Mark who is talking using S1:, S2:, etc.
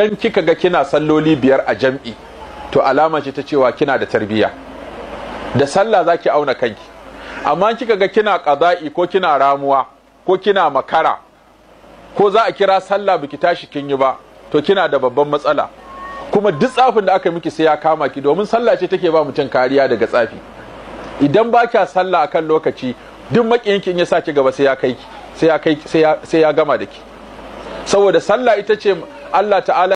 S1: idan kika ga kina salloli biyar a jam'i to alama ce ta cewa kina da tarbiyya da sallah ki auna kanki amma kika ga kina ƙazai, ko kina ramuwa ko kina makara ko za a kira sallah biki tashi kin yi ba to kina da babban matsala kuma duk tsafin da aka miki sai ya kama ki domin sallah ce take ba mutum kariya daga tsafi idan ba kya sallah akan lokaci duk makiyinki in ya sa ki gaba sai ya kai sai ya sai ya gama da ki saboda sallah ita ce Allah ta'ala